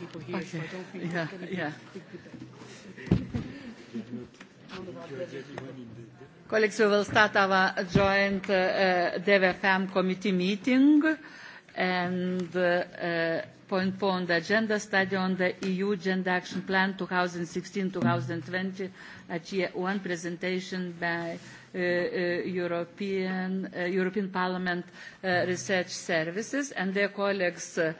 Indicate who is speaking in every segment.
Speaker 1: people here, okay. so I don't think yeah, going to yeah. be a big debate. Colleagues, we will
Speaker 2: start our joint uh, uh, DVFM committee meeting and uh, uh, point four on the agenda study on the EU Gender Action Plan 2016-2020 at year one presentation by uh, uh, European, uh, European Parliament uh, Research Services and their colleagues uh,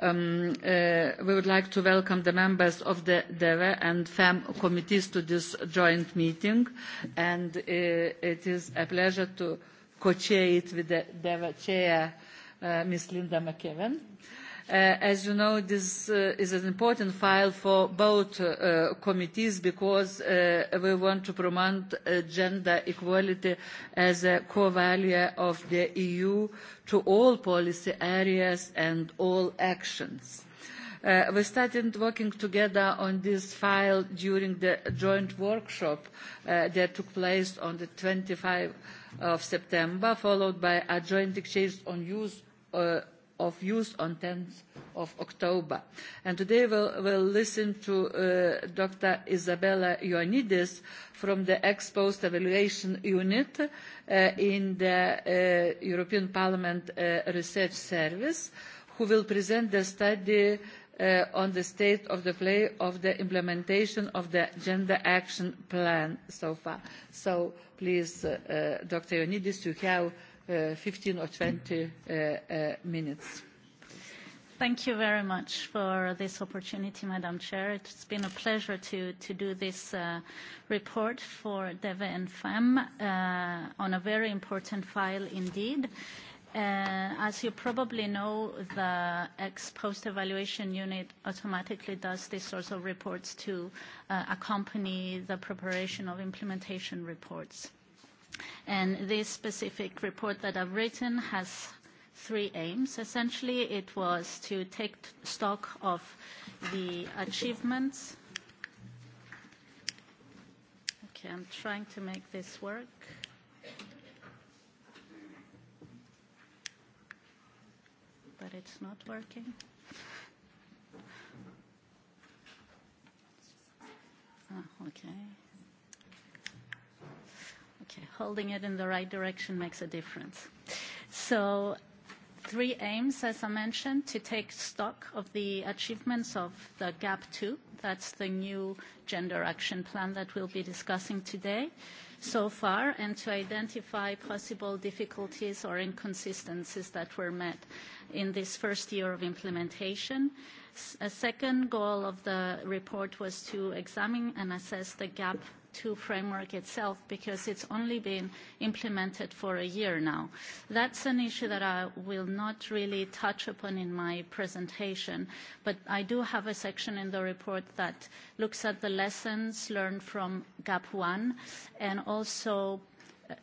Speaker 2: Um, uh, we would like to welcome the members of the DEVE and FEM committees to this joint meeting. And uh, it is a pleasure to co-chair it with the DEVE chair, uh, Ms. Linda mcavan. Uh, as you know, this uh, is an important file for both uh, committees because uh, we want to promote uh, gender equality as a core value of the EU to all policy areas and all actions. Uh, we started working together on this file during the joint workshop uh, that took place on the 25 of September, followed by a joint exchange on use uh, of youth on 10th of October. And today we'll, we'll listen to uh, Dr. Isabella Ioannidis from the Ex-Post Evaluation Unit uh, in the uh, European Parliament uh, Research Service, who will present the study Uh, on the state of the play of the implementation of the gender action plan so far. So please, uh, uh, Dr. Ioannidis, you have 15 uh, or 20 uh, uh, minutes.
Speaker 3: Thank you very much for this opportunity, Madam Chair. It's been a pleasure to, to do this uh, report for DEVE and FEM uh, on a very important file indeed. Uh, as you probably know, the ex-post evaluation unit automatically does these sorts of reports to accompany the preparation of implementation reports. And this specific report that I've written has three aims. Essentially, it was to take stock of the achievements. Okay, I'm trying to make this work. But it's not working. Ah, okay holding it in the right direction makes a difference. So three aims, as I mentioned, to take stock of the achievements of the GAP2. That's the new gender action plan that we'll be discussing today so far, and to identify possible difficulties or inconsistencies that were met in this first year of implementation. A second goal of the report was to examine and assess the gap 2 framework itself because it's only been implemented for a year now. That's an issue that I will not really touch upon in my presentation, but I do have a section in the report that looks at the lessons learned from GAP 1 and also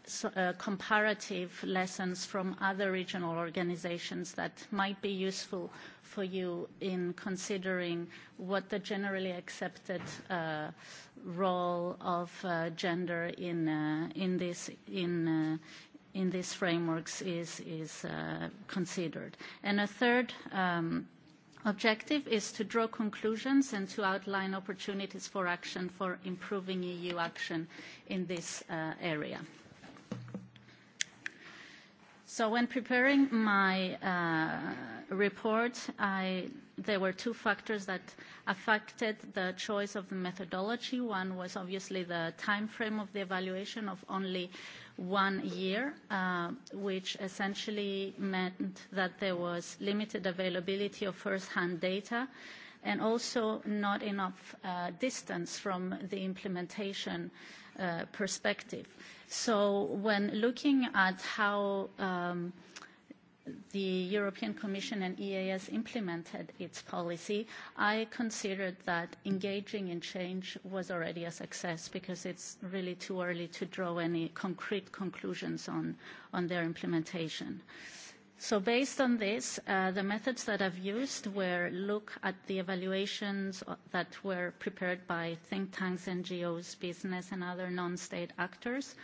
Speaker 3: So, uh, comparative lessons from other regional organizations that might be useful for you in considering what the generally accepted uh, role of uh, gender in, uh, in, this, in, uh, in these frameworks is, is uh, considered. And a third um, objective is to draw conclusions and to outline opportunities for action for improving EU action in this uh, area. So when preparing my uh, report, I there were two factors that affected the choice of the methodology. One was obviously the time frame of the evaluation of only one year, uh, which essentially meant that there was limited availability of first-hand data and also not enough uh, distance from the implementation uh, perspective. So when looking at how um, – the European Commission and EAS implemented its policy, I considered that engaging in change was already a success because it's really too early to draw any concrete conclusions on, on their implementation. So based on this, uh, the methods that I've used were look at the evaluations that were prepared by think tanks, NGOs, business, and other non-state actors,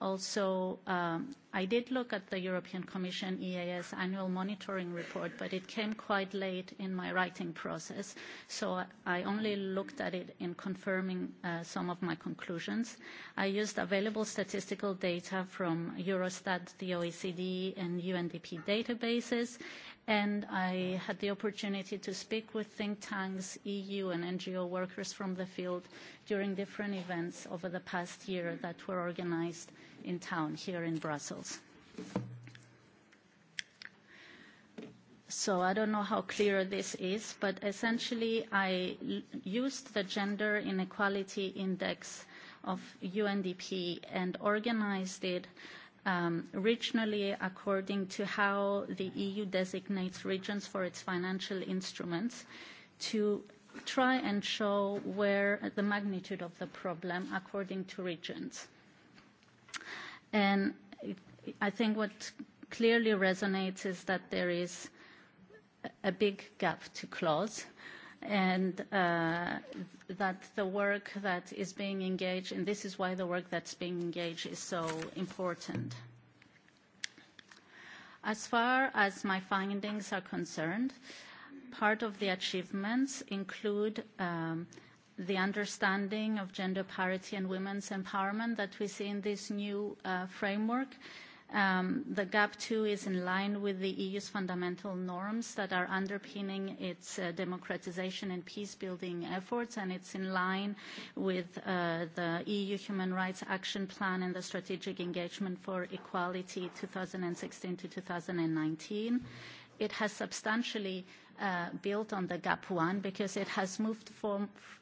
Speaker 3: Also, um, I did look at the European Commission EAS annual monitoring report, but it came quite late in my writing process, so I only looked at it in confirming uh, some of my conclusions. I used available statistical data from Eurostat, the OECD, and UNDP databases, and I had the opportunity to speak with think tanks, EU and NGO workers from the field during different events over the past year that were organized in town here in Brussels. So I don't know how clear this is, but essentially I used the Gender Inequality Index of UNDP and organized it um, regionally according to how the EU designates regions for its financial instruments to try and show where the magnitude of the problem according to regions. And I think what clearly resonates is that there is a big gap to close and uh, that the work that is being engaged, and this is why the work that's being engaged is so important. As far as my findings are concerned, part of the achievements include um, the understanding of gender parity and women's empowerment that we see in this new uh, framework, uh, Um, the GAP 2 is in line with the EU's fundamental norms that are underpinning its uh, democratization and peace-building efforts, and it's in line with uh, the EU Human Rights Action Plan and the Strategic Engagement for Equality 2016 to 2019 it has substantially uh, built on the GAP 1 because it has moved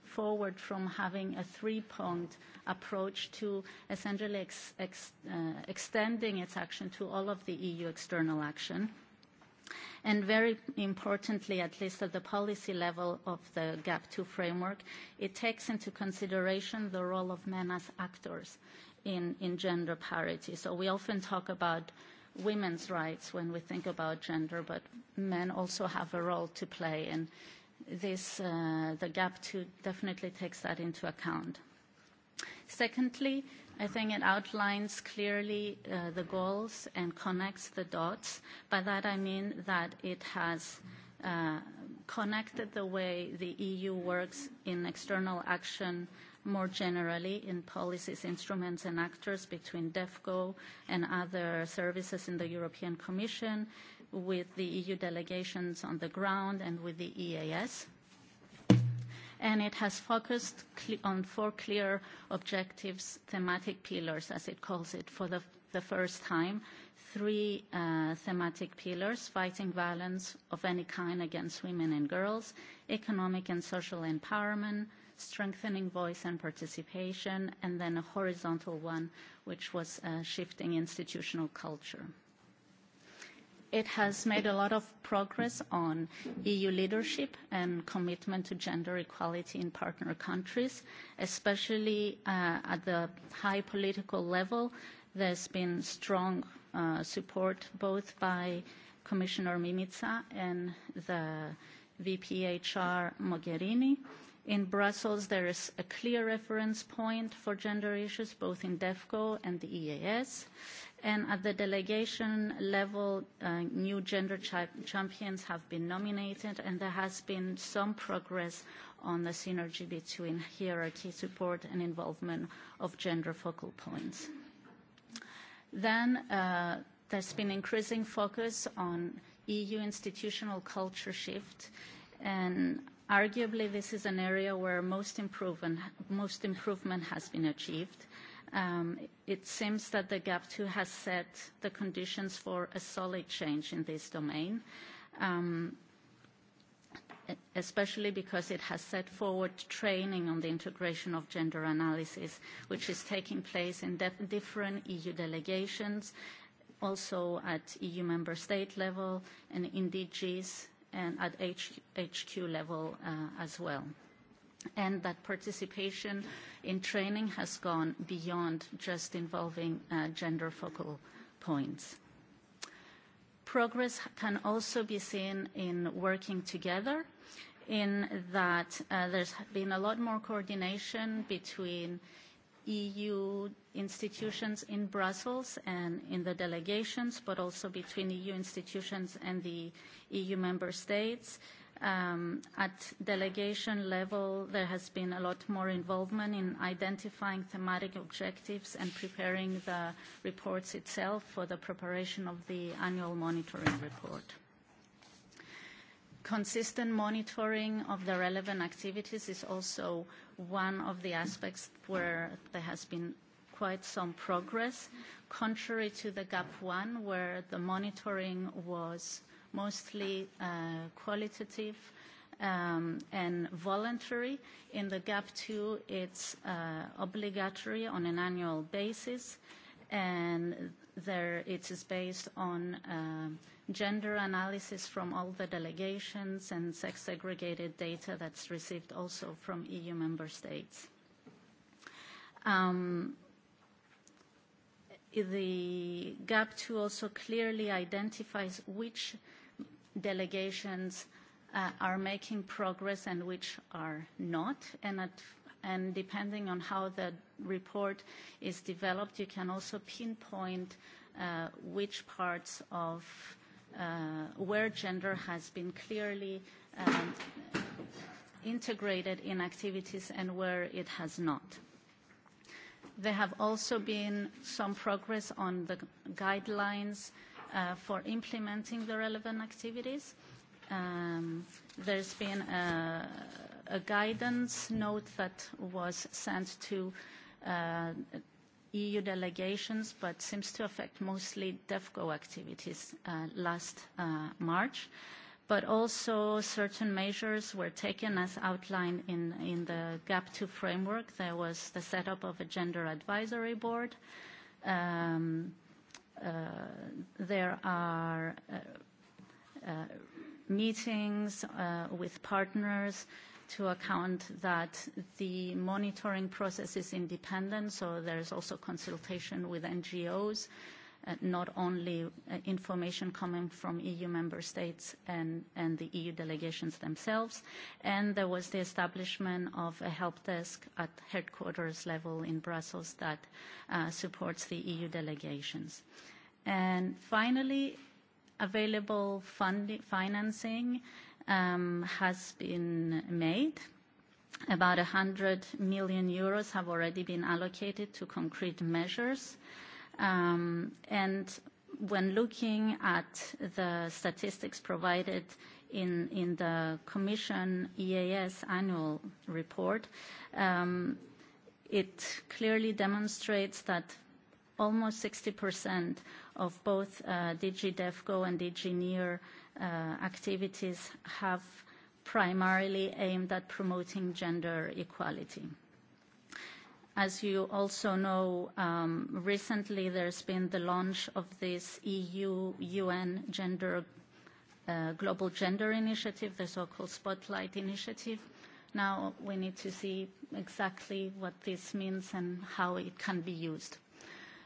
Speaker 3: forward from having a three-pronged approach to essentially uh, extending its action to all of the EU external action. And very importantly, at least at the policy level of the GAP 2 framework, it takes into consideration the role of men as actors in, in gender parity. So we often talk about women's rights when we think about gender, but men also have a role to play, and this, uh, the gap to definitely takes that into account. Secondly, I think it outlines clearly uh, the goals and connects the dots. By that, I mean that it has uh, connected the way the EU works in external action more generally in policies, instruments and actors between DEFCO and other services in the European Commission, with the EU delegations on the ground and with the EAS. And it has focused on four clear objectives, thematic pillars, as it calls it, for the, first time, three uh, thematic pillars, fighting violence of any kind against women and girls, economic and social empowerment, strengthening voice and participation, and then a horizontal one, which was uh, shifting institutional culture. It has made a lot of progress on EU leadership and commitment to gender equality in partner countries, especially uh, at the high political level. There's been strong uh, support both by Commissioner Mimica and the VPHR Mogherini In Brussels, there is a clear reference point for gender issues, both in DEFCO and the EAS. And at the delegation level, uh, new gender ch champions have been nominated, and there has been some progress on the synergy between hierarchy support and involvement of gender focal points. Then uh, there's been increasing focus on EU institutional culture shift, and Arguably, this is an area where most improvement, has been achieved. Um, it seems that the GAP2 has set the conditions for a solid change in this domain, um, especially because it has set forward training on the integration of gender analysis, which is taking place in different EU delegations, also at EU member state level and in DGs and at HQ level uh, as well and that participation in training has gone beyond just involving uh, gender focal points. Progress can also be seen in working together in that uh, there's been a lot more coordination between EU institutions in Brussels and in the delegations, but also between EU institutions and the EU member states. Um, at delegation level, there has been a lot more involvement in identifying thematic objectives and preparing the reports itself for the preparation of the annual monitoring report. Consistent monitoring of the relevant activities is also one of the aspects where there has been quite some progress, contrary to the GAP1, where the monitoring was mostly uh, qualitative um, and voluntary. In the GAP2, it's uh, obligatory on an annual basis, and there it is based on uh, gender analysis from all the delegations and sex segregated data that's received also from EU member states. Um, the GAP2 also clearly identifies which delegations uh, are making progress and which are not. And, at, and depending on how the report is developed, you can also pinpoint uh, which parts of Uh, where gender has been clearly um, integrated in activities and where it has not. There have also been some progress on the guidelines uh, for implementing the relevant activities. Um, there's been a, guidance note that was sent to uh, EU delegations, but seems to affect mostly Devco activities uh, last uh, March. But also certain measures were taken as outlined in, the GAP2 framework. There was the setup of a gender advisory board. Um, uh, there are meetings with partners to account that the monitoring process is independent, so there is also consultation with NGOs, uh, not only uh, information coming from EU member states and, and the EU delegations themselves. And there was the establishment of a help desk at headquarters level in Brussels that uh, supports the EU delegations. And finally, available funding, financing um, has been made. About 100 million euros have already been allocated to concrete measures. Um, and when looking at the statistics provided in, in the Commission EAS annual report, um, it clearly demonstrates that almost 60% of both uh, DG DevCo and DG NEAR Uh, activities have primarily aimed at promoting gender equality. As you also know, um, recently there's been the launch of this EU-UN uh, Global Gender Initiative, the so-called Spotlight Initiative. Now we need to see exactly what this means and how it can be used.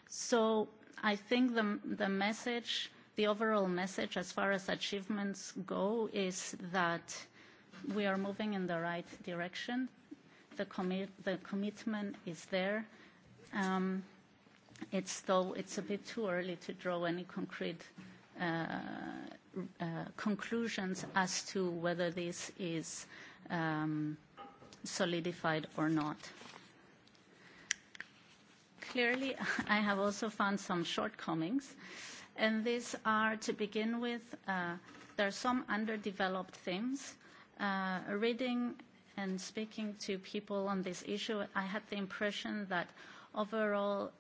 Speaker 3: So I think the message the overall message as far as achievements go is that we are moving in the right direction. The, commitment is there. Um, it's though it's a bit too early to draw any concrete uh, uh, conclusions as to whether this is um, solidified or not. Clearly, I have also found some shortcomings and these are, to begin with, uh, there are some underdeveloped themes. Uh, reading and speaking to people on this issue, I had the impression that overall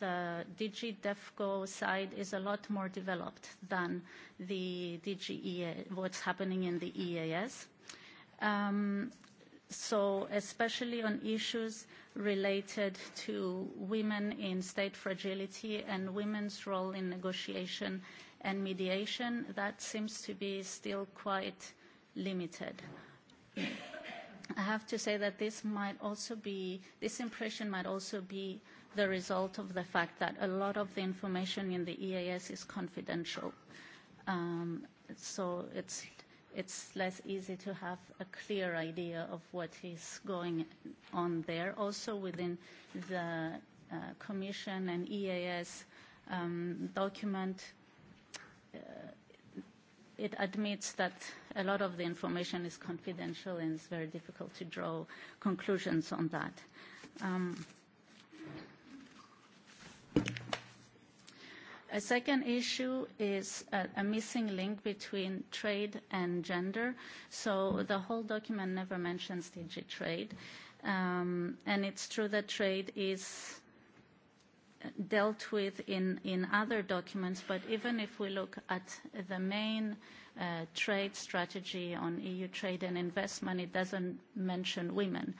Speaker 3: the DG DEVCO side is a lot more developed than the DG EA, what's happening in the EAS. Um, so especially on issues related to women in state fragility and women's role in negotiation and mediation, that seems to be still quite limited. I have to say that this might also be, this impression might also be the result of the fact that a lot of the information in the EAS is confidential. Um, so it's it's less easy to have a clear idea of what is going on there. Also within the uh, Commission and EAS um, document, uh, it admits that a lot of the information is confidential and it's very difficult to draw conclusions on that. Um, A second issue is a, a missing link between trade and gender. So the whole document never mentions DG trade. Um, and it's true that trade is uh, dealt with in, in other documents, but even if we look at the main uh, trade strategy on EU trade and investment, it doesn't mention women.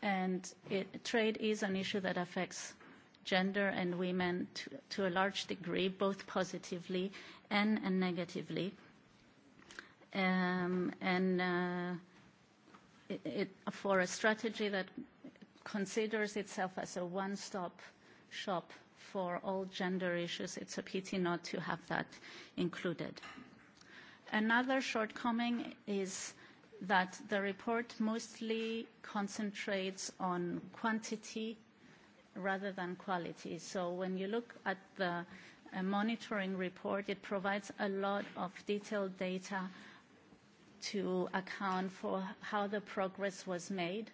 Speaker 3: And it, trade is an issue that affects gender and women to, to a large degree, both positively and, and negatively. Um, and uh, it, it, for a strategy that considers itself as a one-stop shop for all gender issues, it's a pity not to have that included. Another shortcoming is that the report mostly concentrates on quantity rather than quality. So when you look at the uh, monitoring report, it provides a lot of detailed data to account for how the progress was made,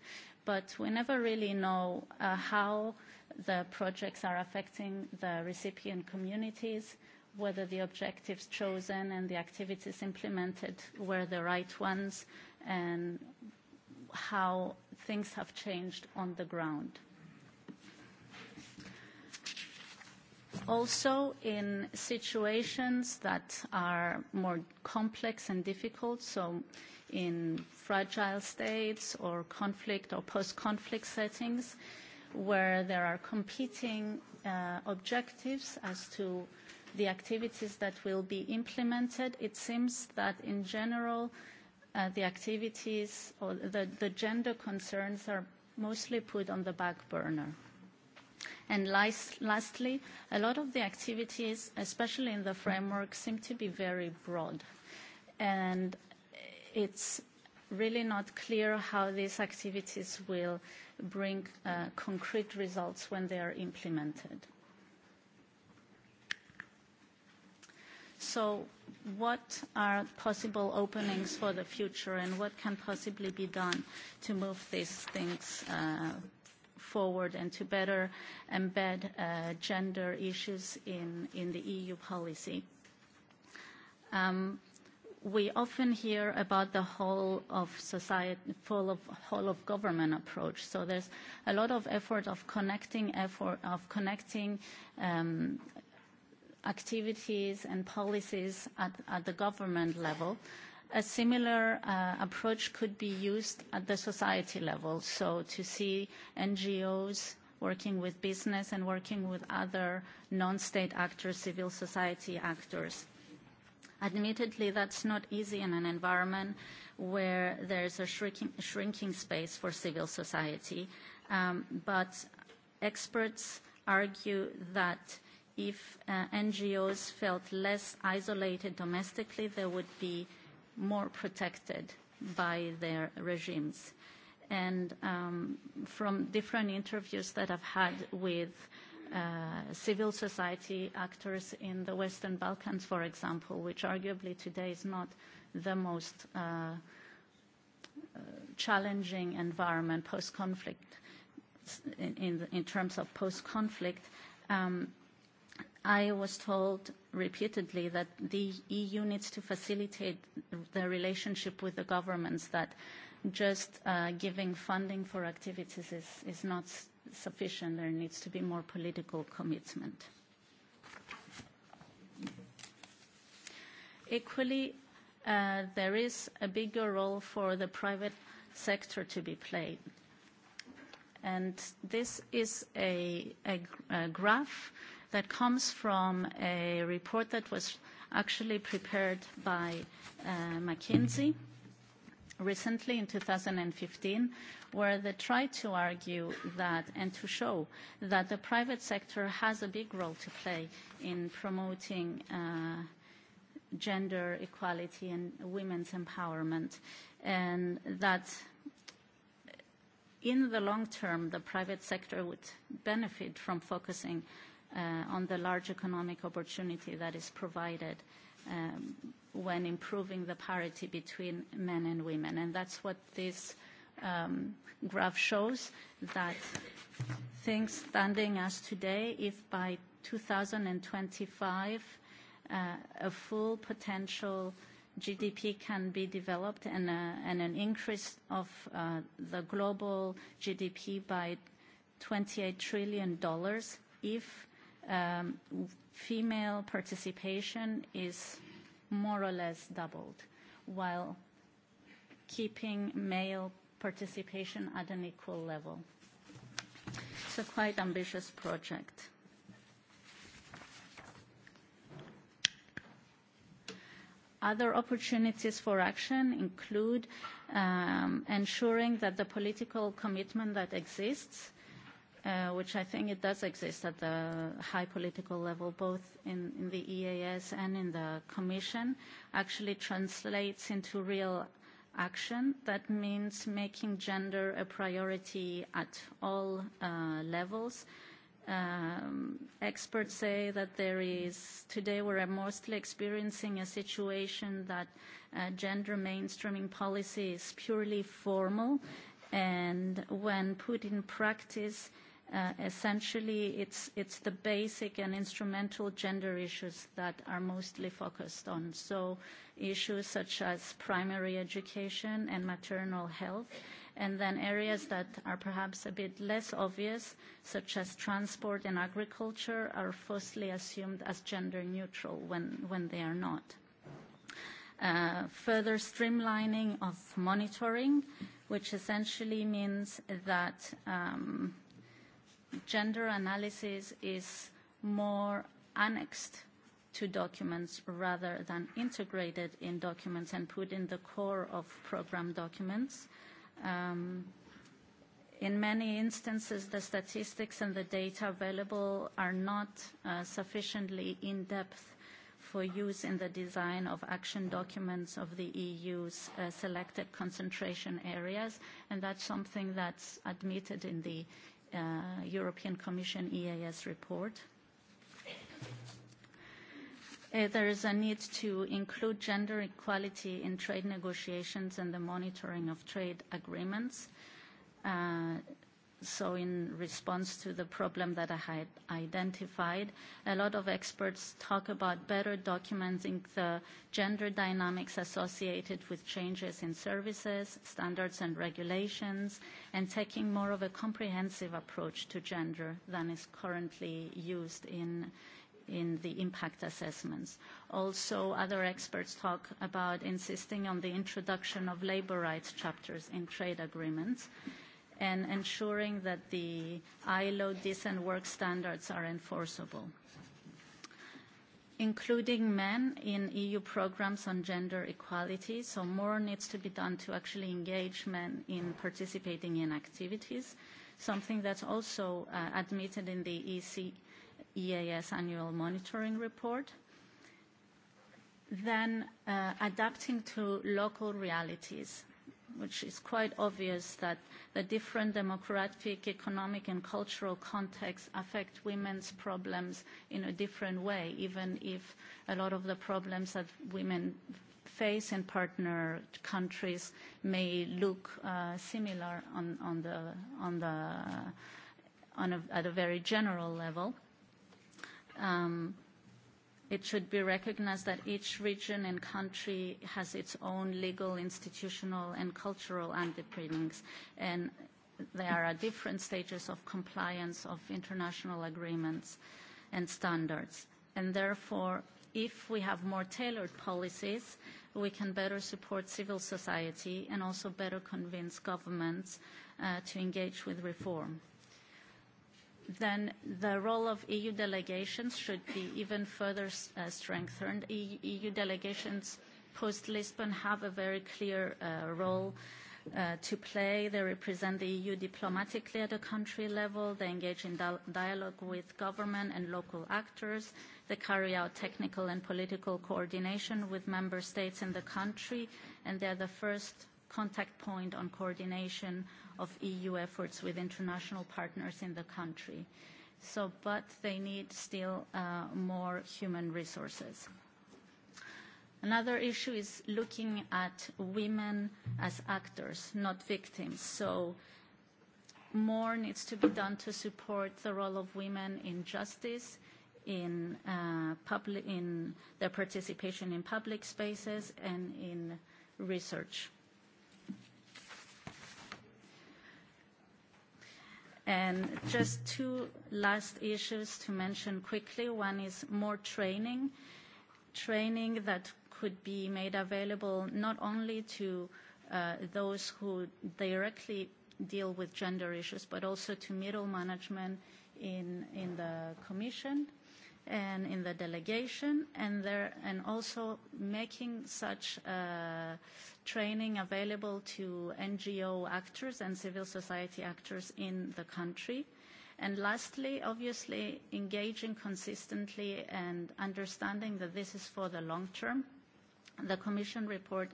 Speaker 3: but we never really know uh, how the projects are affecting the recipient communities, whether the objectives chosen and the activities implemented were the right ones, and how things have changed on the ground. also in situations that are more complex and difficult, so in fragile states or conflict or post-conflict settings, where there are competing uh, objectives as to the activities that will be implemented, it seems that in general, uh, the activities or the, the gender concerns are mostly put on the back burner. And lastly, a lot of the activities, especially in the framework, seem to be very broad. And it's really not clear how these activities will bring uh, concrete results when they are implemented. So what are possible openings for the future and what can possibly be done to move these things uh, forward and to better embed uh, gender issues in, in the EU policy. Um, we often hear about the whole of society, full of whole of government approach. So there's a lot of effort of connecting effort of connecting um, activities and policies at, at the government level a similar uh, approach could be used at the society level, so to see NGOs working with business and working with other non-state actors, civil society actors. Admittedly, that's not easy in an environment where there's a shrinking, shrinking space for civil society, um, but experts argue that if uh, NGOs felt less isolated domestically, there would be more protected by their regimes. And um, from different interviews that I've had with uh, civil society actors in the Western Balkans, for example, which arguably today is not the most uh, uh challenging environment post-conflict in, in, in terms of post-conflict, um, I was told repeatedly that the EU needs to facilitate the relationship with the governments, that just uh, giving funding for activities is, is not sufficient. There needs to be more political commitment. Equally, uh, there is a bigger role for the private sector to be played. And this is a, a, a graph that comes from a report that was actually prepared by uh, McKinsey recently in 2015, where they tried to argue that and to show that the private sector has a big role to play in promoting uh, gender equality and women's empowerment, and that in the long term, the private sector would benefit from focusing Uh, on the large economic opportunity that is provided um, when improving the parity between men and women. And that's what this um, graph shows, that things standing as today, if by 2025 uh, a full potential GDP can be developed and, uh, and an increase of uh, the global GDP by $28 trillion if um, female participation is more or less doubled, while keeping male participation at an equal level. It's a quite ambitious project. Other opportunities for action include um, ensuring that the political commitment that exists Uh, which I think it does exist at the high political level, both in, the EAS and in the Commission, actually translates into real action. That means making gender a priority at all uh, levels. Um, experts say that there is, today we're mostly experiencing a situation that uh, gender mainstreaming policy is purely formal and when put in practice, Uh, essentially, it's, it's the basic and instrumental gender issues that are mostly focused on. So issues such as primary education and maternal health, and then areas that are perhaps a bit less obvious, such as transport and agriculture, are falsely assumed as gender neutral when, when they are not. Uh, further streamlining of monitoring, which essentially means that um, gender analysis is more annexed to documents rather than integrated in documents and put in the core of program documents. Um, in many instances, the statistics and the data available are not uh, sufficiently in-depth for use in the design of action documents of the EU's uh, selected concentration areas, and that's something that's admitted in the uh, European Commission EAS report. Uh, there is a need to include gender equality in trade negotiations and the monitoring of trade agreements. Uh, So in response to the problem that I had identified, a lot of experts talk about better documenting the gender dynamics associated with changes in services, standards and regulations, and taking more of a comprehensive approach to gender than is currently used in in the impact assessments. Also, other experts talk about insisting on the introduction of labor rights chapters in trade agreements and ensuring that the ILO decent work standards are enforceable, including men in EU programs on gender equality. So more needs to be done to actually engage men in participating in activities, something that's also uh, admitted in the EC EAS annual monitoring report. Then uh, adapting to local realities which is quite obvious that the different democratic, economic and cultural contexts affect women's problems in a different way, even if a lot of the problems that women face in partner countries may look uh, similar on, on the, on the, on a, at a very general level. Um, It should be recognized that each region and country has its own legal, institutional, and cultural underpinnings, and there are different stages of compliance of international agreements and standards. And therefore, if we have more tailored policies, we can better support civil society and also better convince governments uh, to engage with reform then the role of EU delegations should be even further uh, strengthened. E EU delegations post-Lisbon have a very clear uh, role uh, to play. They represent the EU diplomatically at a country level. They engage in di dialogue with government and local actors. They carry out technical and political coordination with member states in the country, and they are the first contact point on coordination of EU efforts with international partners in the country. So, but they need still uh, more human resources. Another issue is looking at women as actors, not victims. So more needs to be done to support the role of women in justice, in, uh, public, in their participation in public spaces, and in research. And just two last issues to mention quickly. One is more training, training that could be made available not only to uh, those who directly deal with gender issues, but also to middle management in, in the commission and in the delegation, and, there, and also making such uh, training available to NGO actors and civil society actors in the country. And lastly, obviously, engaging consistently and understanding that this is for the long term. The Commission report,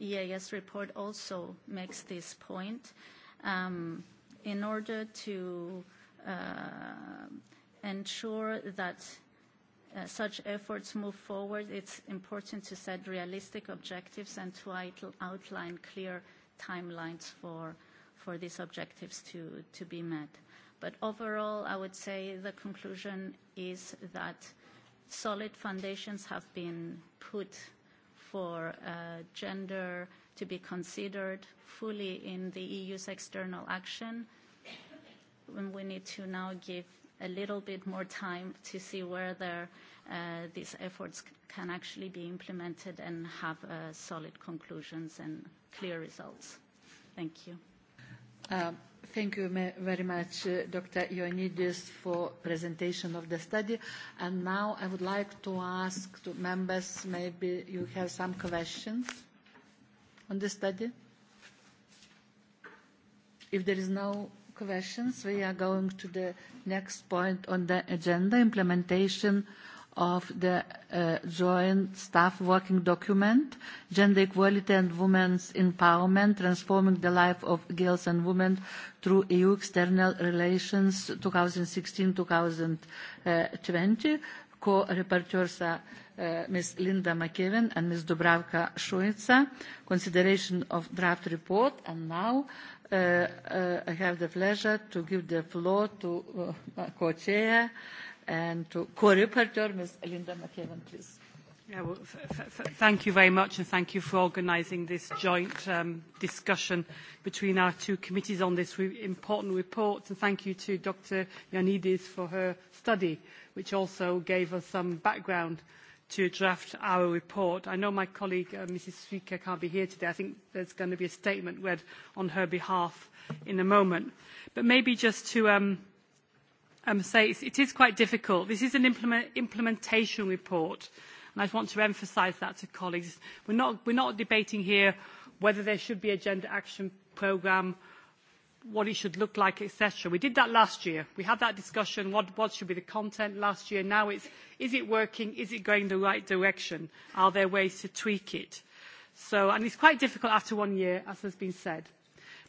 Speaker 3: EAS report, also makes this point. Um, in order to uh, ensure that Uh, such efforts move forward, it's important to set realistic objectives and to outline clear timelines for, for these objectives to, to be met. But overall, I would say the conclusion is that solid foundations have been put for uh, gender to be considered fully in the EU's external action. And we need to now give a little bit more time to see whether uh, these efforts can actually be implemented and have uh, solid conclusions and clear results. Thank you.
Speaker 2: Uh, thank you very much, Dr. Ioannidis, for presentation of the study. And now I would like to ask to members, maybe you have some questions on the study? If there is no questions, we are going to the next point on the agenda, implementation of the uh, joint staff working document, Gender Equality and Women's Empowerment, Transforming the Life of Girls and Women through EU External Relations 2016-2020. co reporters are uh, Ms. Linda McKeven and Ms. Dubravka Šuica. Consideration of draft report. And now Uh, uh, I have the pleasure to give the floor to uh, co-chair and to co-reporter, Ms. Linda McKeown, please.
Speaker 1: Yeah, well, thank you very much and thank you for organising this joint um, discussion between our two committees on this re important report and thank you to Dr Yanidis for her study which also gave us some background to draft our report. I know my colleague, uh, Mrs. Speaker, can't be here today. I think there's going to be a statement read on her behalf in a moment. But maybe just to um, um, say it's, it is quite difficult. This is an implement, implementation report, and I want to emphasise that to colleagues. We're not, we're not debating here whether there should be a gender action programme what it should look like, etc. We did that last year. We had that discussion, what, what should be the content last year. Now it's, is it working? Is it going the right direction? Are there ways to tweak it? So, and it's quite difficult after one year, as has been said.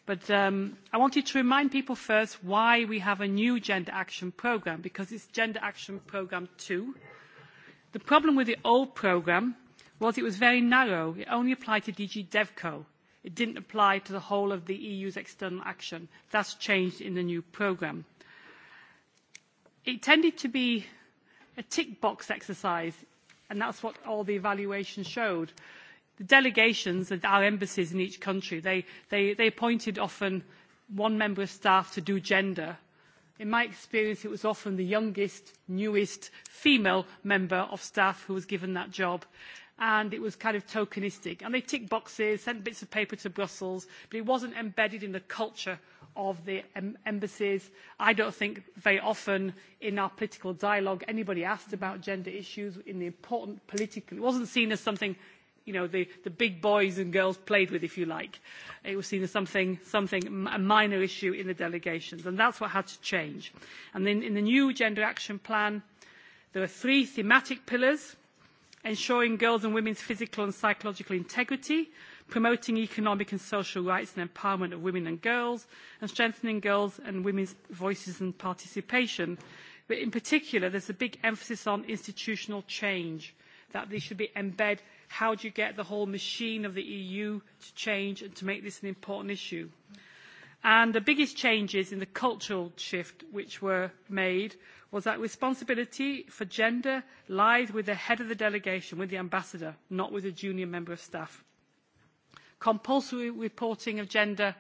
Speaker 1: But um, I wanted to remind people first why we have a new Gender Action Programme, because it's Gender Action Programme 2. The problem with the old programme was it was very narrow. It only applied to DG DevCo It didn't apply to the whole of the EU's external action. That's changed in the new programme. It tended to be a tick box exercise, and that's what all the evaluations showed. The delegations and our embassies in each country, they, they, they appointed often one member of staff to do gender. In my experience, it was often the youngest, newest female member of staff who was given that job and it was kind of tokenistic. And they ticked boxes, sent bits of paper to Brussels, but it wasn't embedded in the culture of the em embassies. I don't think very often in our political dialogue anybody asked about gender issues in the important political. It wasn't seen as something you know, the, the big boys and girls played with, if you like. It was seen as something, something, a minor issue in the delegations, and that's what had to change. And then in the new gender action plan, there are three thematic pillars ensuring girls' and women's physical and psychological integrity, promoting economic and social rights and empowerment of women and girls, and strengthening girls' and women's voices and participation. But in particular, there's a big emphasis on institutional change, that these should be embedded. How do you get the whole machine of the EU to change and to make this an important issue? And the biggest changes in the cultural shift which were made was that responsibility for gender lies with the head of the delegation, with the ambassador, not with a junior member of staff. Compulsory reporting of gender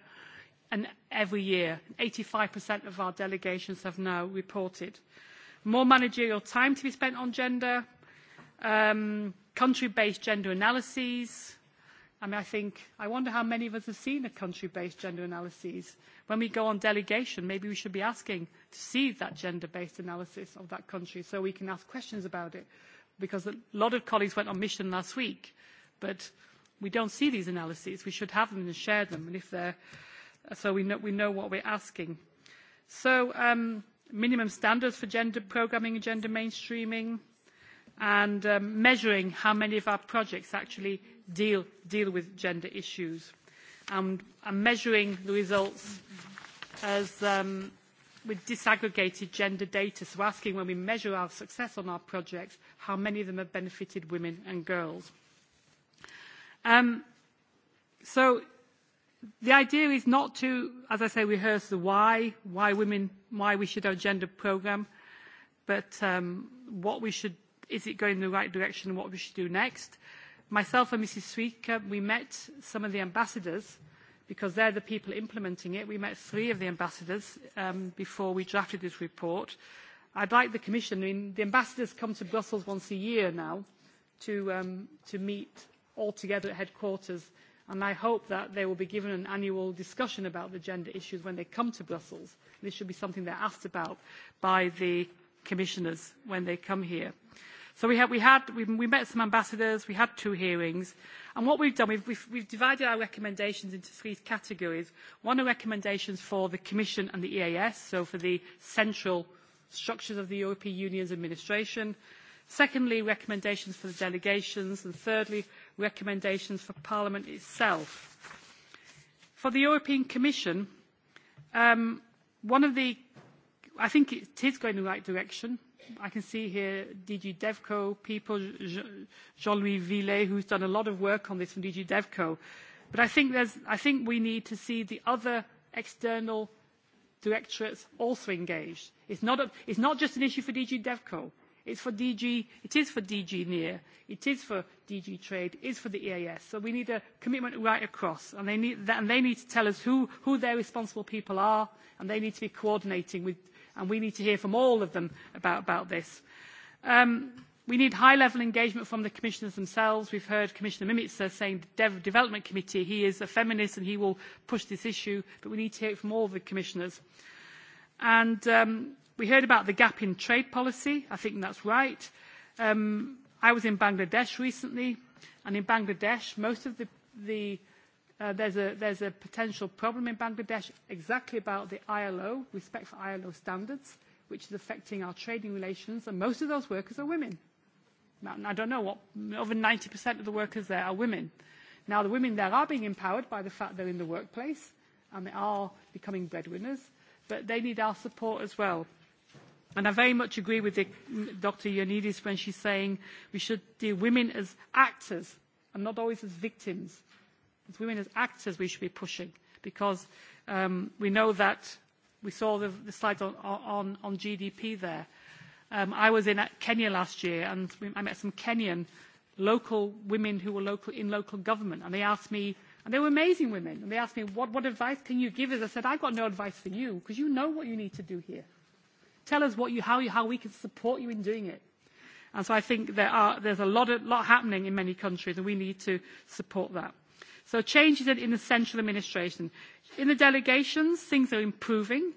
Speaker 1: and every year. 85% of our delegations have now reported. More managerial time to be spent on gender, um, country-based gender analyses, I mean, I think, I wonder how many of us have seen a country-based gender analysis When we go on delegation, maybe we should be asking to see that gender-based analysis of that country so we can ask questions about it. Because a lot of colleagues went on mission last week, but we don't see these analyses. We should have them and share them, and if they're, so we know, we know what we're asking. So um, minimum standards for gender programming and gender mainstreaming, and um, measuring how many of our projects actually deal, deal with gender issues. And I'm measuring the results as um, with disaggregated gender data, so asking when we measure our success on our projects, how many of them have benefited women and girls. Um, so the idea is not to, as I say, rehearse the why, why women, why we should have a gender programme, but um, what we should, is it going in the right direction and what we should do next. Myself and Mrs. Suika, we met some of the ambassadors because they're the people implementing it. We met three of the ambassadors um, before we drafted this report. I'd like the Commission, I mean, the ambassadors come to Brussels once a year now to, um, to meet all together at headquarters, and I hope that they will be given an annual discussion about the gender issues when they come to Brussels. This should be something they're asked about by the Commissioners when they come here. So we, have, we, had, we, we met some ambassadors, we had two hearings, and what we've done, we've, we've, we've divided our recommendations into three categories. One are recommendations for the Commission and the EAS, so for the central structures of the European Union's administration. Secondly, recommendations for the delegations, and thirdly, recommendations for Parliament itself. For the European Commission, um, one of the, I think it is going in the right direction. I can see here DG DevCo people, Jean-Louis Villet, who's done a lot of work on this from DG DevCo. But I think, there's, I think we need to see the other external directorates also engaged. It's not, a, it's not just an issue for DG DevCo. It's for DG, it is for DG NIR, it is for DG Trade, it is for the EAS. So we need a commitment right across. And they need, and they need to tell us who, who their responsible people are, and they need to be coordinating with, and we need to hear from all of them about, about this. Um, we need high level engagement from the commissioners themselves. We've heard commissioner mimica saying the Dev development committee he is a feminist and he will push this issue but we need to hear it from all the commissioners. And, um, we heard about the gap in trade policy. i think that's right. Um, i was in bangladesh recently and in bangladesh most of the, the Uh, there's, a, there's a potential problem in Bangladesh exactly about the ILO, respect for ILO standards, which is affecting our trading relations, and most of those workers are women. Now, I don't know what, over 90% of the workers there are women. Now, the women there are being empowered by the fact they're in the workplace and they are becoming breadwinners, but they need our support as well. And I very much agree with the, mm, Dr. Ioannidis when she's saying we should deal women as actors and not always as victims It's women as actors we should be pushing because um, we know that we saw the, the slides on, on, on GDP there. Um, I was in Kenya last year and we, I met some Kenyan local women who were local, in local government and they asked me, and they were amazing women, and they asked me, what, what advice can you give us? I said, I've got no advice for you because you know what you need to do here. Tell us what you, how, you, how we can support you in doing it. And so I think there are, there's a lot, of, lot happening in many countries and we need to support that. So changes in the central administration. In the delegations, things are improving.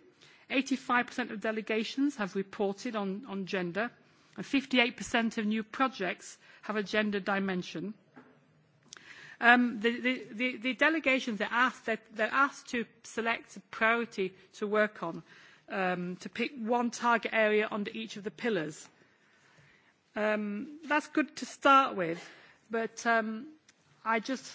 Speaker 1: 85% of delegations have reported on, on gender, and 58% of new projects have a gender dimension. Um, the, the, the, the delegations are asked, they're, they're asked to select a priority to work on, um, to pick one target area under each of the pillars. Um, that's good to start with, but um, I just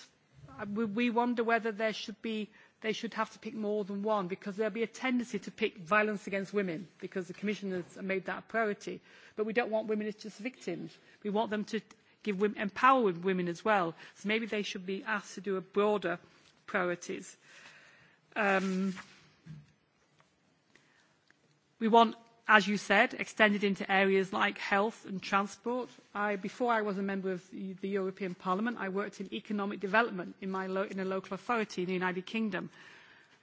Speaker 1: Uh, we wonder whether there should be they should have to pick more than one because there will be a tendency to pick violence against women because the commission has made that a priority but we don't want women as just victims we want them to give women, empower women as well so maybe they should be asked to do a broader priorities um, we want as you said, extended into areas like health and transport. I, before I was a member of the European Parliament, I worked in economic development in, my lo- in a local authority in the United Kingdom.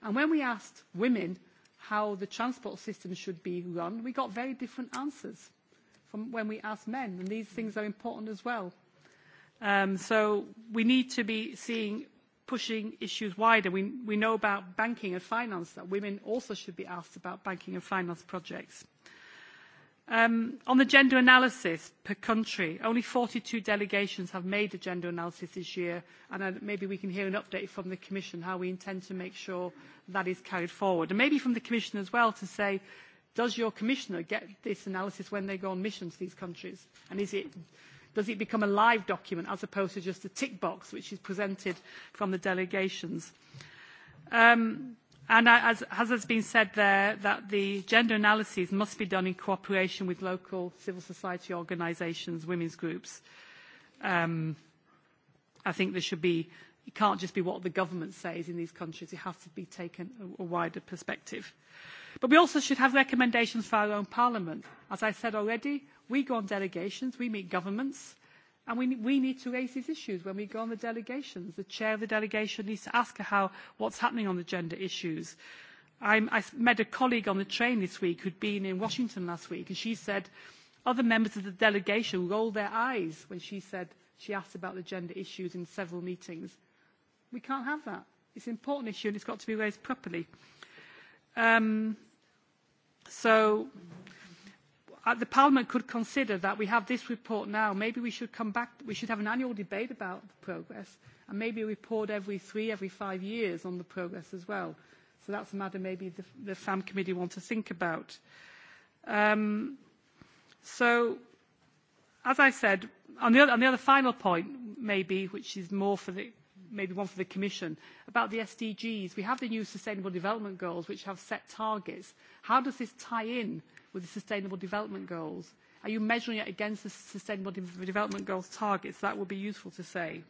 Speaker 1: And when we asked women how the transport system should be run, we got very different answers from when we asked men. And these things are important as well. Um, so we need to be seeing pushing issues wider. We, we know about banking and finance, that women also should be asked about banking and finance projects. Um, on the gender analysis per country, only 42 delegations have made a gender analysis this year, and I, uh, maybe we can hear an update from the Commission how we intend to make sure that is carried forward. And maybe from the Commission as well to say, does your Commissioner get this analysis when they go on mission to these countries? And is it does it become a live document as opposed to just a tick box which is presented from the delegations? Um, and as, as has been said there, that the gender analyses must be done in cooperation with local civil society organisations, women's groups. Um, I think there should be, it can't just be what the government says in these countries, it has to be taken a, a wider perspective. But we also should have recommendations for our own parliament. As I said already, We go on delegations, we meet governments, and we, we need to raise these issues when we go on the delegations. The chair of the delegation needs to ask her how, what's happening on the gender issues. I'm, I met a colleague on the train this week who'd been in Washington last week, and she said other members of the delegation rolled their eyes when she said she asked about the gender issues in several meetings. We can't have that. It's an important issue and it's got to be raised properly. Um, so Uh, the Parliament could consider that we have this report now. Maybe we should come back, we should have an annual debate about the progress and maybe a report every three, every five years on the progress as well. So that's a matter maybe the, the FAM committee want to think about. Um, so, as I said, on the, other, on the other final point, maybe, which is more for the, maybe one for the Commission, about the SDGs. We have the new Sustainable Development Goals, which have set targets. How does this tie in with the Sustainable Development Goals? Are you measuring it against the Sustainable Development Goals targets? That would be useful to say.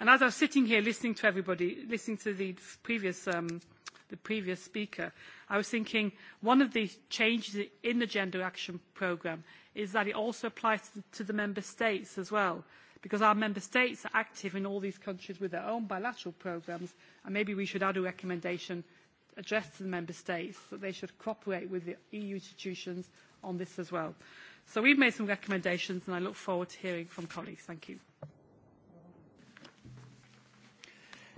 Speaker 1: And as I was sitting here listening to everybody, listening to the previous, um, the previous speaker, I was thinking one of the changes in the Gender Action Programme is that it also applies to the, to the member states as well because our member states are active in all these countries with their own bilateral programmes and maybe we should add a recommendation address to the member states that they should cooperate with the eu institutions on this as well. so we have made some recommendations and i look forward to hearing from colleagues. thank you.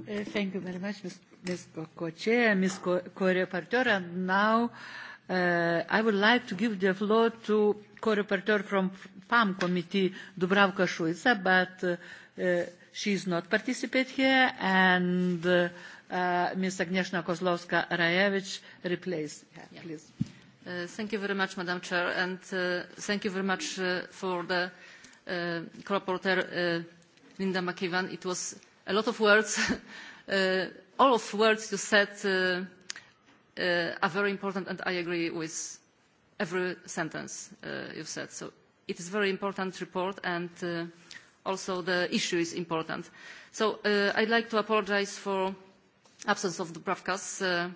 Speaker 2: Uh, thank you very much, Ms. Ms. Co-Chair, Ms. Co-Rapporteur. And now uh, I would like to give the floor to co-rapporteur from FAM committee, Dubravka Šuica, but uh, uh, she is not participate here. And uh, Uh, Ms. Agnieszka Kozłowska-Rajewicz replace her, yeah. please.
Speaker 4: Uh, thank you very much, Madam Chair, and uh,
Speaker 2: thank you very much
Speaker 4: uh, for the uh, co-reporter uh, Linda McEwan. It was a lot of words. uh, all of words you said uh, uh, are very important, and I agree with every sentence uh, you've said. So it is a very important report, and uh, also the issue is important. So uh, I'd like to apologize for absence of Dubravka's, uh,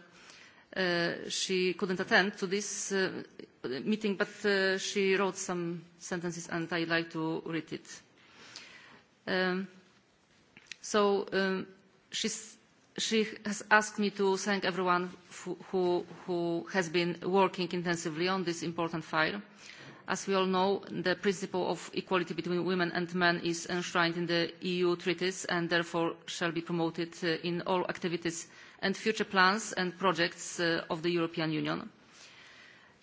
Speaker 4: uh, she couldn't attend to this uh, meeting, but she wrote some sentences, and I like to read it. Um, so um, she's, she has asked me to thank everyone who, who has been working intensively on this important file. Uh, As we all know, the principle of equality between women and men is enshrined in the EU treaties and therefore shall be promoted uh, in all activities and future plans and projects uh, of the European Union.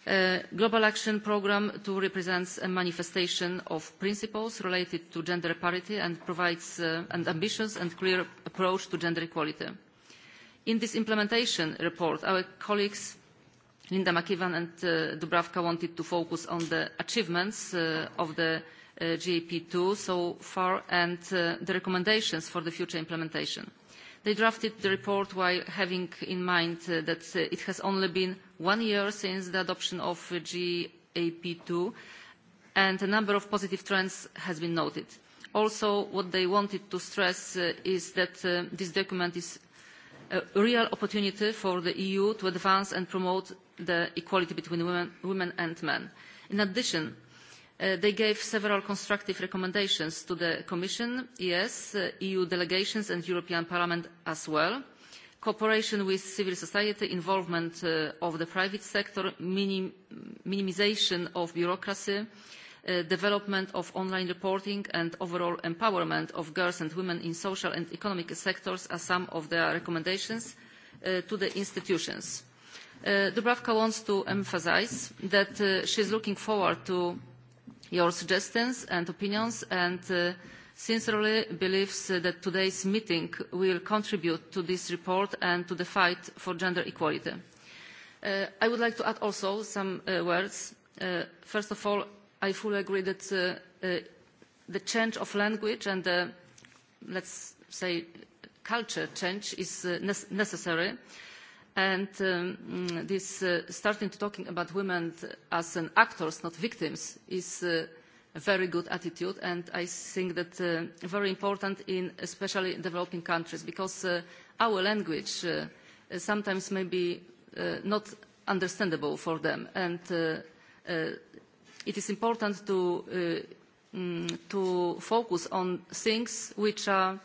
Speaker 4: Uh, Global Action Programme too represents a manifestation of principles related to gender parity and provides uh, an ambitious and clear approach to gender equality. In this implementation report, our colleagues Linda mcavan and uh, Dubravka wanted to focus on the achievements uh, of the uh, GAP2 so far and uh, the recommendations for the future implementation. They drafted the report while having in mind uh, that uh, it has only been one year since the adoption of uh, GAP2 and a number of positive trends has been noted. Also, what they wanted to stress uh, is that uh, this document is a real opportunity for the EU to advance and promote the equality between women, women and men. In addition, uh, they gave several constructive recommendations to the Commission, ES, uh, EU delegations and European Parliament as well. Cooperation with civil society, involvement uh, of the private sector, minim minimisation of bureaucracy, uh, development of online reporting and overall empowerment of girls and women in social and economic sectors are some of their recommendations uh, to the institutions. Uh, Dubravka wants to emphasize that uh, she is looking forward to your suggestions and opinions and uh, sincerely believes that today's meeting will contribute to this report and to the fight for gender equality. Uh, I would like to add also some uh, words. Uh, first of all, I fully agree that uh, uh, the change of language and let's say, culture change is necessary. Uh, and um, this uh, starting to talking about women as an actors, not victims, is uh, a very good attitude, and I think that uh, very important in especially in developing countries because uh, our language uh, uh sometimes may be uh, not understandable for them, and uh, uh, it is important to mm, to focus on things which are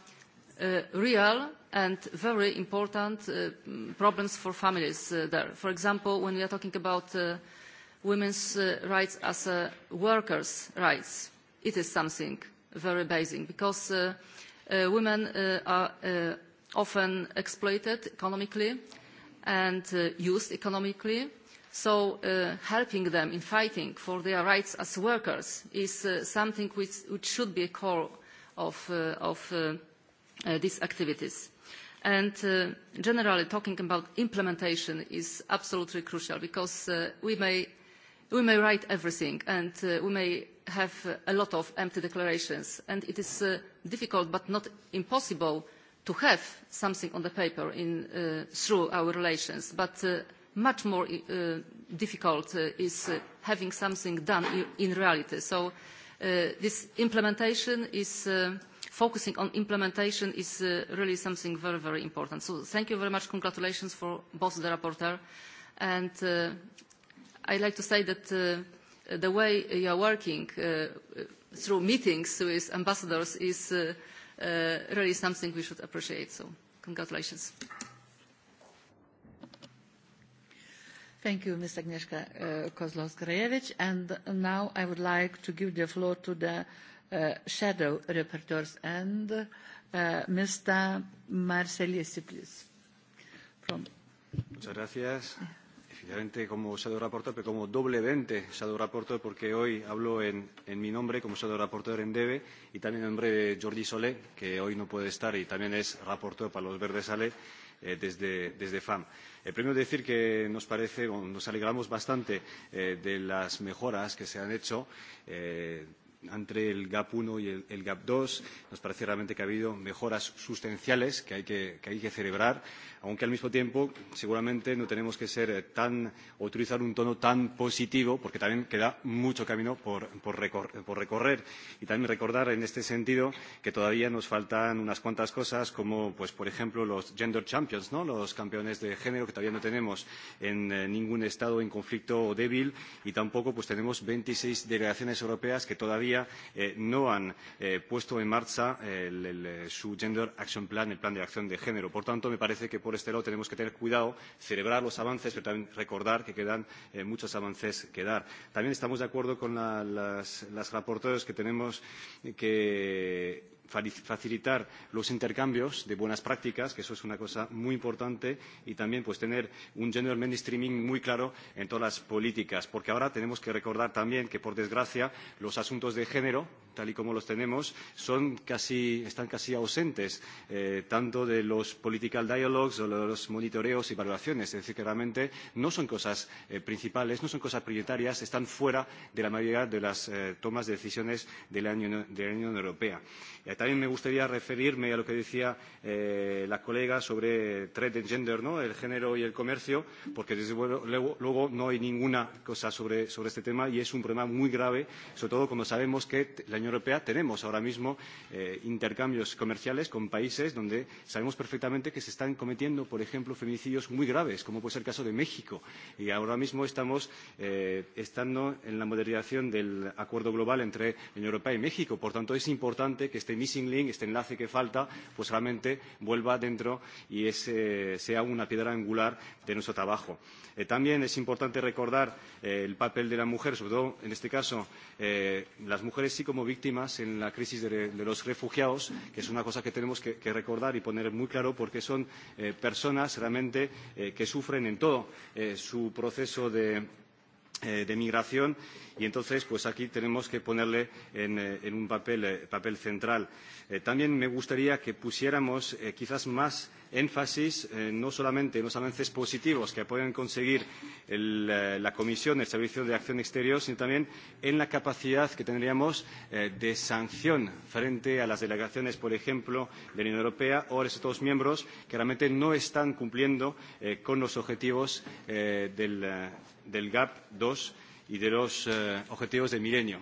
Speaker 4: real and very important uh, problems for families uh, there. For example, when we are talking about uh, women's uh, rights as uh, workers' rights, it is something very basic because uh, women are often exploited economically and used economically. So helping them in fighting for their rights as workers is something which, which, should be a core of, of these activities. And uh, generally, talking about implementation is absolutely crucial because uh, we, may, we may write everything and uh, we may have uh, a lot of empty declarations. And it is uh, difficult but not impossible to have something on the paper in, uh, through our relations. But much more difficult is having something done in, in reality. So this implementation is focusing on implementation is uh, really something very, very important. So thank you very much. Congratulations for both the rapporteur. And uh, I'd like to say that uh, the way you are working uh, through meetings with ambassadors is uh, uh, really something we should
Speaker 2: appreciate. So congratulations. Thank you, Ms. Agnieszka uh, kozlowska rajewicz And now I would like to give the floor to the uh, shadow rapporteurs and uh, Mr. Marceliesi, please. From...
Speaker 5: Muchas gracias. Efectivamente, como Shadow Rapporteur, pero como doblemente Shadow Rapporteur, porque hoy hablo en, en mi nombre como Shadow Rapporteur en DEVE y también en nombre de Jordi Solé, que hoy no puede estar y también es Rapporteur para los Verdes Ale eh, desde, desde FAM. Eh, primero decir que nos parece, nos alegramos bastante eh, de las mejoras que se han hecho. Eh, entre el GAP 1 y el, el GAP 2. Nos parece realmente que ha habido mejoras sustanciales que hay que, que hay que celebrar, aunque al mismo tiempo seguramente no tenemos que ser eh, tan o utilizar un tono tan positivo, porque también queda mucho camino por, por, recor por recorrer. Y también recordar en este sentido que todavía nos faltan unas cuantas cosas, como pues, por ejemplo los gender champions, ¿no? los campeones de género que todavía no tenemos en eh, ningún estado en conflicto o débil, y tampoco pues, tenemos 26 delegaciones europeas que todavía Italia eh, no han eh, puesto en marcha el, el, su Gender Action Plan, el plan de acción de género. Por tanto, me parece que por este lado tenemos que tener cuidado, celebrar los avances, pero también recordar que quedan eh, muchos avances que dar. También estamos de acuerdo con la, las, las reporteras que tenemos que facilitar los intercambios de buenas prácticas, que eso es una cosa muy importante, y también pues, tener un general mainstreaming muy claro en todas las políticas, porque ahora tenemos que recordar también que, por desgracia, los asuntos de género tal y como los tenemos, son casi, están casi ausentes eh, tanto de los political dialogues o los monitoreos y evaluaciones. Es decir, que realmente no son cosas eh, principales, no son cosas prioritarias, están fuera de la mayoría de las eh, tomas de decisiones de la Unión, de la Unión Europea. Y también me gustaría referirme a lo que decía eh, la colega sobre trade and gender, ¿no? el género y el comercio, porque desde luego, luego, luego no hay ninguna cosa sobre, sobre este tema y es un problema muy grave, sobre todo cuando sabemos que la Unión Europea tenemos ahora mismo eh, intercambios comerciales con países donde sabemos perfectamente que se están cometiendo, por ejemplo, feminicidios muy graves, como puede ser el caso de México. Y ahora mismo estamos eh, estando en la modernización del acuerdo global entre la Unión Europea y México. Por tanto, es importante que este missing link, este enlace que falta, pues realmente vuelva dentro y ese, sea una piedra angular de nuestro trabajo. Eh, también es importante recordar eh, el papel de la mujer, sobre todo en este caso eh, las mujeres sí como víctimas en la crisis de, de los refugiados, que es una cosa que tenemos que, que recordar y poner muy claro porque son eh, personas realmente eh, que sufren en todo eh, su proceso de, eh, de migración y entonces pues aquí tenemos que ponerle en, eh, en un papel, eh, papel central. Eh, también me gustaría que pusiéramos eh, quizás más énfasis eh, no solamente en los avances positivos que pueden conseguir el, eh, la Comisión, del Servicio de Acción Exterior, sino también en la capacidad que tendríamos eh, de sanción frente a las delegaciones, por ejemplo, de la Unión Europea o a los Estados miembros que realmente no están cumpliendo eh, con los objetivos eh, del, eh, del GAP 2 y de los eh, objetivos del milenio.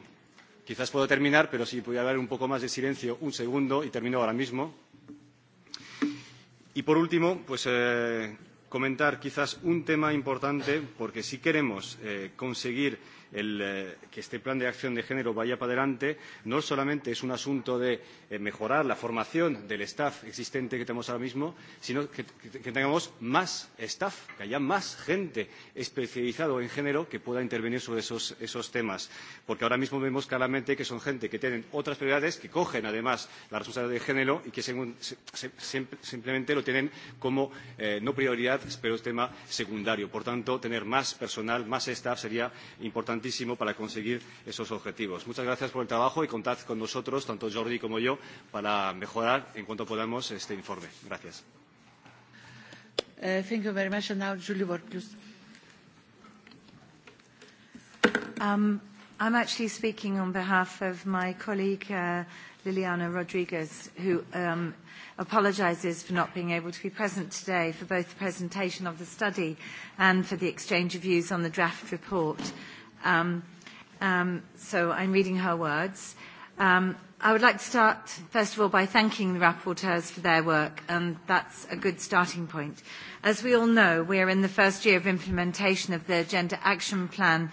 Speaker 5: Quizás puedo terminar, pero si sí, pudiera haber un poco más de silencio, un segundo, y termino ahora mismo Y por último, pues eh, comentar quizás un tema importante, porque si queremos eh, conseguir el, eh, que este plan de acción de género vaya para adelante, no solamente es un asunto de eh, mejorar la formación del staff existente que tenemos ahora mismo, sino que, que, que tengamos más staff, que haya más gente especializada en género que pueda intervenir sobre esos, esos temas. Porque ahora mismo vemos claramente que son gente que tienen otras prioridades, que cogen además la responsabilidad de género y que se, se, se, simplemente lo tienen como eh, no prioridad prioridad, pero es tema secundario. Por tanto, tener más personal, más staff sería importantísimo para conseguir esos objetivos. Muchas gracias por el trabajo y contad con nosotros, tanto Jordi como yo, para mejorar en cuanto podamos este informe. Gracias.
Speaker 2: Uh, thank you very much. And now Julie Ward, please.
Speaker 6: Um, I'm actually speaking on behalf of my colleague uh, Liliana Rodriguez, who um, apologises for not being able to be present today for both the presentation of the study and for the exchange of views on the draft report. Um, um, so I'm reading her words. Um, I would like to start, first of all, by thanking the rapporteurs for their work, and that's a good starting point. As we all know, we are in the first year of implementation of the Gender Action Plan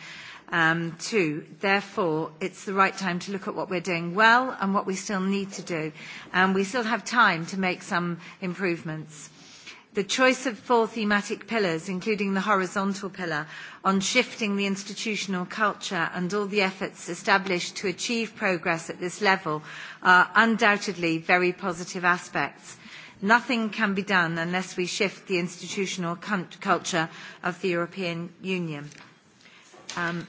Speaker 6: um, too. Therefore, it's the right time to look at what we're doing well and what we still need to do. And we still have time to make some improvements. The choice of four thematic pillars, including the horizontal pillar, on shifting the institutional culture and all the efforts established to achieve progress at this level are undoubtedly very positive aspects. Nothing can be done unless we shift the institutional culture of the European Union. Um,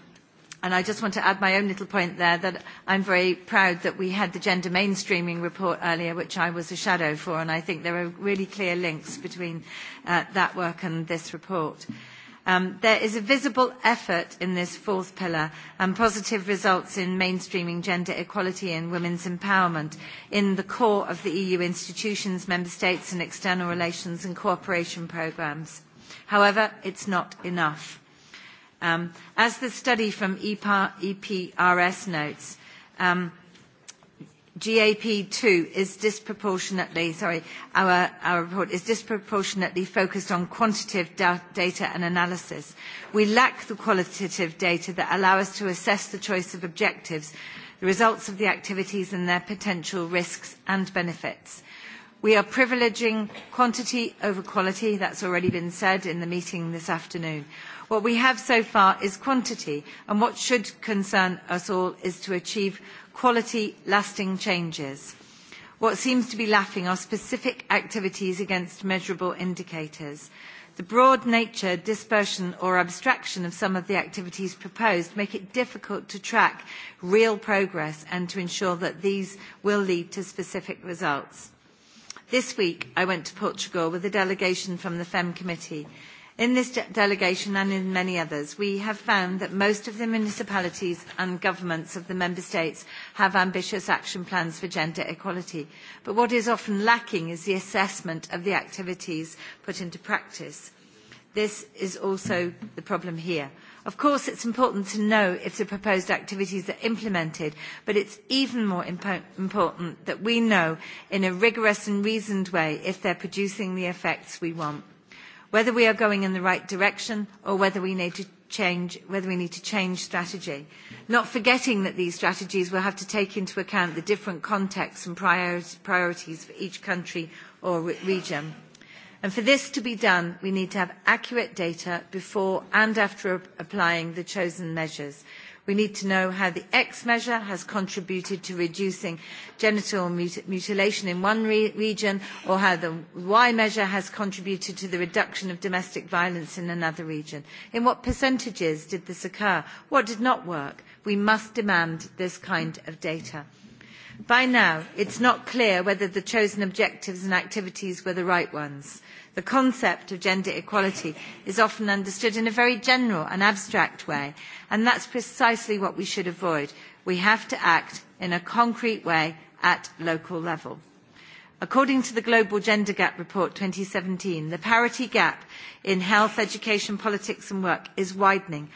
Speaker 6: And I just want to add my own little point there that I'm very proud that we had the gender mainstreaming report earlier, which I was a shadow for, and I think there are really clear links between uh, that work and this report. Um, there is a visible effort in this fourth pillar and positive results in mainstreaming gender equality and women's empowerment in the core of the EU institutions, member states and external relations and cooperation programmes. However, it's not enough. Um, as the study from EPRS notes, um, GAP2 is disproportionately, sorry, our, our report is disproportionately focused on quantitative da data and analysis. We lack the qualitative data that allow us to assess the choice of objectives, the results of the activities and their potential risks and benefits. We are privileging quantity over quality, that's already been said in the meeting this afternoon. What we have so far is quantity, and what should concern us all is to achieve quality, lasting changes. What seems to be lacking are specific activities against measurable indicators. The broad nature, dispersion or abstraction of some of the activities proposed make it difficult to track real progress and to ensure that these will lead to specific results. This week I went to Portugal with a delegation from the FEM committee In this de delegation and in many others, we have found that most of the municipalities and governments of the Member States have ambitious action plans for gender equality. But what is often lacking is the assessment of the activities put into practice. This is also the problem here. Of course, it's important to know if the proposed activities are implemented, but it's even more impo important that we know in a rigorous and reasoned way if they're producing the effects we want whether we are going in the right direction or whether we need to change whether we need to change strategy not forgetting that these strategies will have to take into account the different contexts and priorities for each country or region and for this to be done we need to have accurate data before and after applying the chosen measures We need to know how the X measure has contributed to reducing genital mutilation in one region or how the Y measure has contributed to the reduction of domestic violence in another region. In what percentages did this occur? What did not work? We must demand this kind of data. By now, it's not clear whether the chosen objectives and activities were the right ones. The concept of gender equality is often understood in a very general and abstract way, and that's precisely what we should avoid. We have to act in a concrete way at local level. According to the Global Gender Gap Report 2017, the parity gap in health, education, politics and work is widening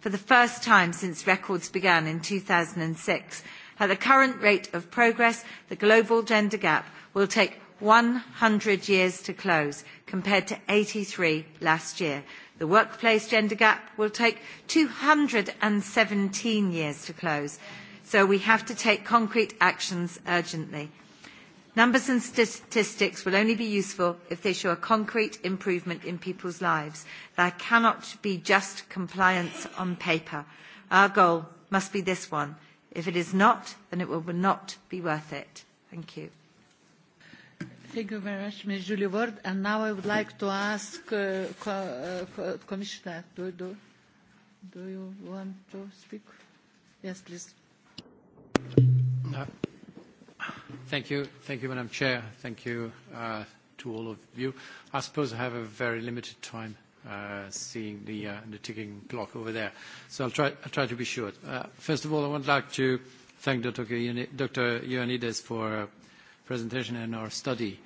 Speaker 6: for the first time since records began in 2006 At the current rate of progress, the global gender gap will take 100 years to close, compared to 83 last year. The workplace gender gap will take 217 years to close, so we have to take concrete actions urgently. Numbers and statistics will only be useful if they show a concrete improvement in people's lives. There cannot be just compliance on paper. Our goal must be this one – If it is not, then it will not be worth it. Thank you.
Speaker 2: Thank you very much, Ms. Julie Ward. And now I would like to ask uh, co uh, co Commissioner, do, do, do you want to speak? Yes, please.
Speaker 7: Uh, thank you. Thank you, Madam Chair. Thank you uh, to all of you. I suppose I have a very limited time Uh, seeing uh, the, ticking clock over there. So I'll try, to be short. Uh, first of all, I would like to thank Dr. Ioannidis for a presentation and our study.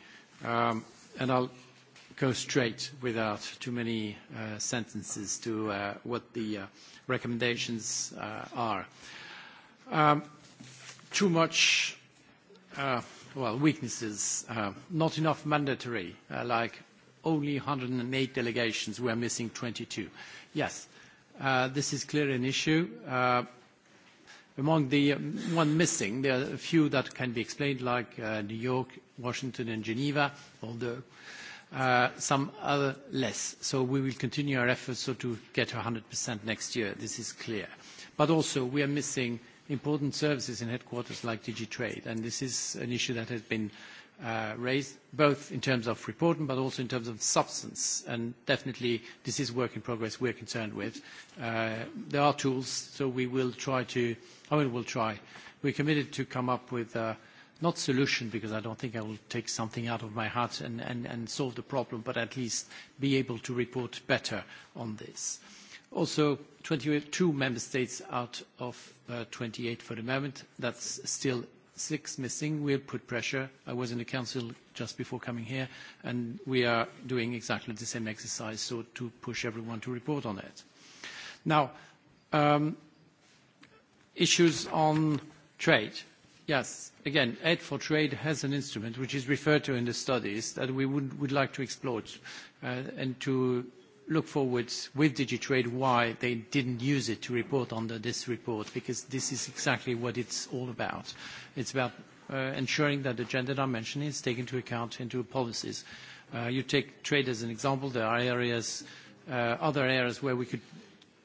Speaker 7: Um, and I'll go straight without too many sentences to what the recommendations are. Um, too much, well, weaknesses, not enough mandatory, like only 108 delegations. We are missing 22. Yes, uh, this is clearly an issue. Uh, among the um, one missing, there are a few that can be explained, like uh, New York, Washington, and Geneva, although uh, some other less. So we will continue our efforts so to get 100% next year. This is clear. But also, we are missing important services in headquarters like DG Trade, and this is an issue that has been Uh, raised, both in terms of reporting but also in terms of substance. And definitely this is work in progress we're concerned with. Uh, there are tools, so we will try to, I mean, we'll try. We're committed to come up with uh, not solution because I don't think I will take something out of my hat and, solve the problem, but at least be able to report better on this. Also, 22 member states out of 28 for the moment. That's still six missing will put pressure. I was in the council just before coming here, and we are doing exactly the same exercise, so to push everyone to report on it. Now, um, issues on trade. Yes, again, aid for trade has an instrument which is referred to in the studies that we would, like to exploit uh, and to look forwards with Digitrade why they didn't use it to report under this report, because this is exactly what it's all about. It's about uh, ensuring that the gender dimension is taken into account into policies. Uh, you take trade as an example. There are areas, uh, other areas where we could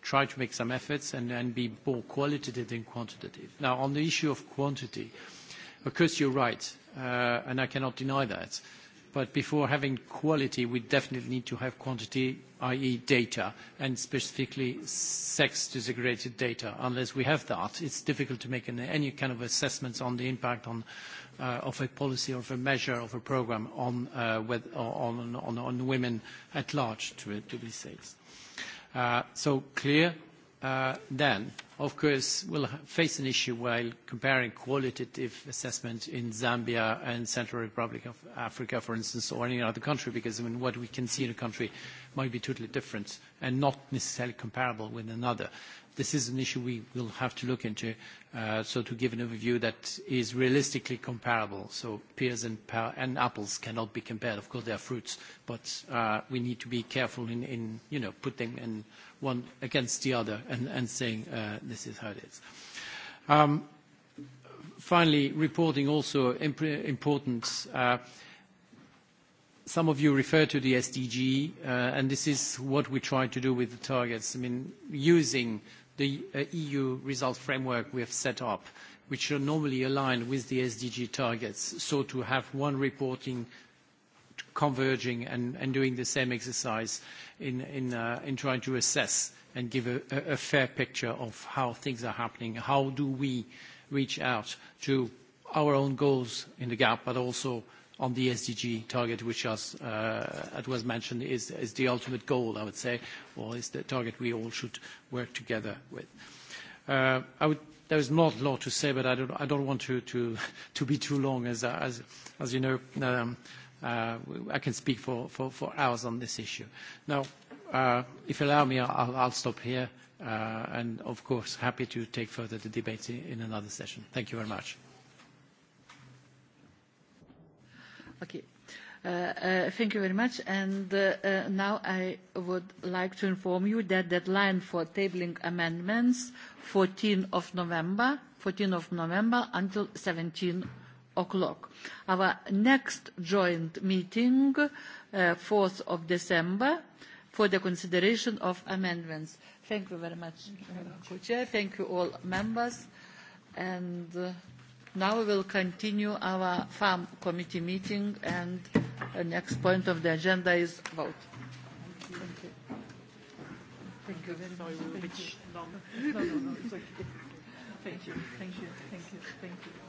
Speaker 7: try to make some efforts and, and be more qualitative than quantitative. Now, on the issue of quantity, of course, you're right, and I cannot deny that. But before having quality, we definitely need to have quantity, i.e. data, and specifically sex-disaggregated data. Unless we have that, it's difficult to make any kind of assessments on the impact on, uh, of a policy, of a measure, of a program on, uh, women at large, to, be safe. Uh, so clear Uh, then, of course, we'll face an issue while comparing qualitative assessment in Zambia and Central Republic of Africa, for instance, or any other country, because I mean, what we can see in a country might be totally different and not necessarily comparable with another this is an issue we will have to look into, uh, so to give an overview that is realistically comparable. So pears and, and apples cannot be compared. Of course, they are fruits, but uh, we need to be careful in, in you know, putting in one against the other and, and saying uh, this is how it is. Um, finally, reporting also imp important. Uh, some of you refer to the SDG, uh, and this is what we try to do with the targets. I mean, using the uh, EU result framework we have set up, which are normally aligned with the SDG targets. So to have one reporting converging and, doing the same exercise uh, in, trying to assess and give a fair picture of how things are happening. How do we reach out to our own goals in the gap, but also on the SDG target, which as uh, it was mentioned, is, the ultimate goal, I would say, or is the target we all should work together with. Uh, there is not a lot to say, but I don't, want to, be too long. As, you know, um, uh, I can speak for, hours on this issue. Now, if you allow me, I'll stop here, and of course, happy to take further the debate in another session. Thank you very much.
Speaker 2: Okay. Uh, uh, thank you very much. And uh, now I would like to inform you that deadline for tabling amendments, 14 of November, 14 of November until 17 o'clock. Our next joint meeting, 4th of December, for the consideration of amendments. Thank you very much, Co-Chair. Thank you all members, and Now we will continue our farm committee meeting and the next point of the agenda is vote. Thank you.
Speaker 1: Thank you very much. Sorry, were a bit long. No, no, no, it's okay. Thank you. Thank you. Thank you. Thank
Speaker 2: you.